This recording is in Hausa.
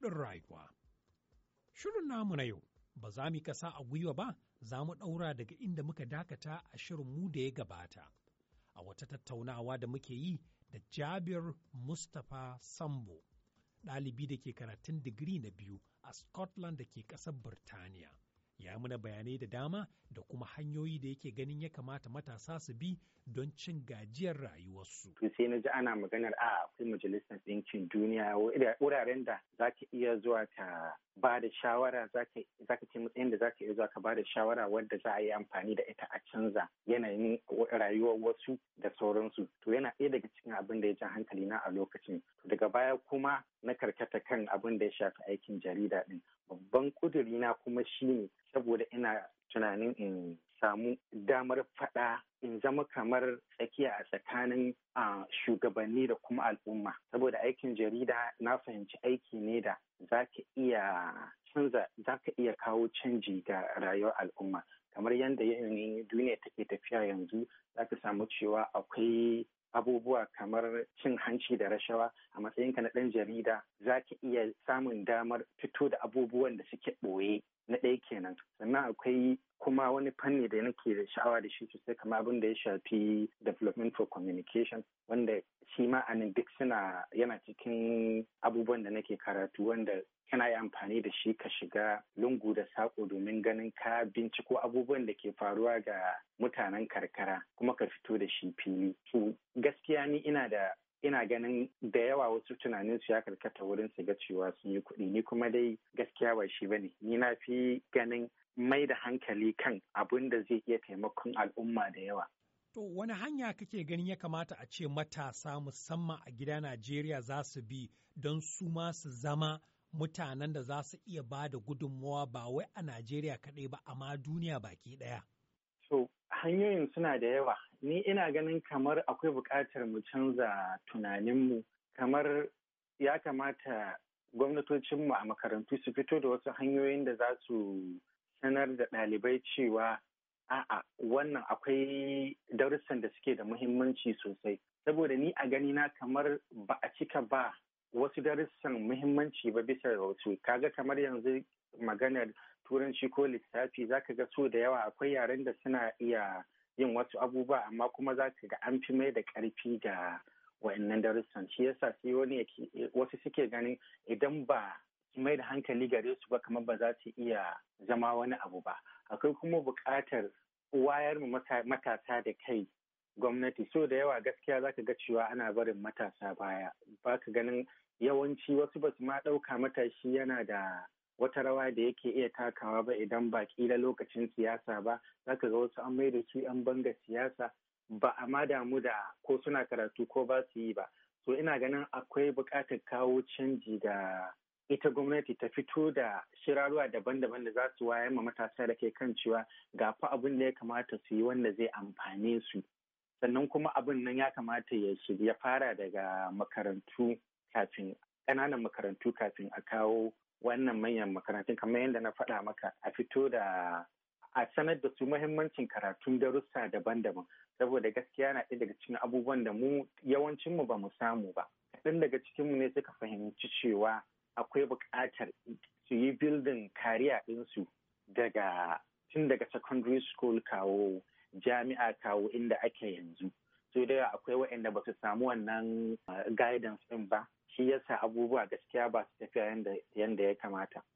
kuɗin rayuwa. Shirin namu na yau ba za mu kasa a gwiwa ba za mu ɗaura daga inda muka dakata a shirin mu da ya gabata. A wata tattaunawa da muke yi da Jabir Mustapha Sambo, ɗalibi da ke karatun digiri na biyu a Scotland da ke ƙasar Birtaniya. ya muna bayanai da dama da kuma hanyoyi da yake ganin ya kamata matasa su bi don cin gajiyar rayuwarsu. To sai na ji ana maganar a akwai majalisar ɗinkin duniya wuraren da za ka iya zuwa ka ba da shawara za ka ce matsayin da za ka iya zuwa ka ba da shawara wadda za a yi amfani da ita a canza yanayin rayuwar wasu da sauransu. To yana ɗaya daga cikin abin da ya ja hankali na a lokacin. Daga baya kuma na karkata kan abin da ya shafi aikin jarida ɗin. babban kuduri na kuma shine saboda ina tunanin in samu damar faɗa in zama kamar tsakiya a tsakanin shugabanni da kuma al'umma saboda aikin jarida na fahimci aiki ne da zaka iya canza za iya kawo canji ga rayuwar al'umma kamar yadda yanayin duniya take tafiya yanzu zaka samu cewa akwai abubuwa kamar cin hanci da rashawa a matsayinka na ɗan jarida za ka iya samun damar fito da abubuwan da suke ɓoye na ɗaya kenan sannan akwai kuma wani fanni da nake da sha'awa da shi sosai kama abin da ya shafi development for communication wanda shi ma a nan duk suna yana cikin abubuwan da nake karatu wanda kana yi amfani da shi ka shiga lungu da sako domin ganin ka binciko abubuwan da ke faruwa ga mutanen karkara kuma ka fito da shi fili. gaskiya ni ina da ina ganin da yawa wasu tunanin su ya karkata wurin su ga cewa sun yi kuɗi ni kuma dai gaskiya ba shi bane ni na fi ganin mai da hankali kan abin da zai iya taimakon al'umma da yawa To wani hanya kake ganin ya kamata a ce matasa musamman a gida Najeriya za su bi don su ma su zama mutanen da za su iya ba da gudunmawa ba wai a Najeriya kaɗai ba amma duniya baki ɗaya. So hanyoyin suna da yawa ni ina ganin kamar akwai buƙatar mu canza tunaninmu kamar ya kamata gwamnatocinmu a makarantu su fito da wasu hanyoyin da za su sanar da ɗalibai cewa a'a wannan akwai darussan da suke da muhimmanci sosai saboda ni a gani na kamar ba a cika ba wasu darussan muhimmanci ba bisa rahoto. wasu kaga kamar yanzu maganar turanci ko lissafi zaka ga so da yawa akwai yaren da suna iya yin wasu abubuwa amma kuma za ka ga an fi mai da karfi ga wa'annan darussan shi yasa sai wani wasu suke ganin idan ba mai da hankali gare su ba kamar ba za su iya zama wani abu ba akwai kuma buƙatar wayar matasa da kai gwamnati so da yawa gaskiya zaka ga cewa ana barin matasa baya ba ka ganin yawanci wasu basu ma ɗauka matashi yana da wata rawa da yake iya takawa ba idan ba kila lokacin siyasa ba zaka ga wasu an mai da su an banga siyasa ba a ma damu da ko suna karatu ko ba su yi ba so ina ganin akwai buƙatar kawo canji da ita gwamnati ta fito da shirarwa daban-daban da za su wayar ma matasa da ke kan cewa ga fa abin da ya kamata su yi wanda zai amfane su sannan kuma abin nan ya kamata ya ya fara daga makarantu kafin ƙananan makarantu kafin a kawo wannan manyan makarantun kamar yadda na faɗa maka a fito da a sanar da su mahimmancin karatun darussa daban-daban saboda gaskiya na ɗaya daga cikin abubuwan da mu yawancinmu ba mu samu ba kaɗan daga cikinmu ne suka fahimci cewa akwai buƙatar su yi bildin kariya ɗinsu daga tun daga secondary school kawo jami'a kawo inda ake yanzu so da akwai waɗanda ba su samu wannan eh, guidance ɗin ba shi yasa abubuwa gaskiya ba su tafiya yadda ya kamata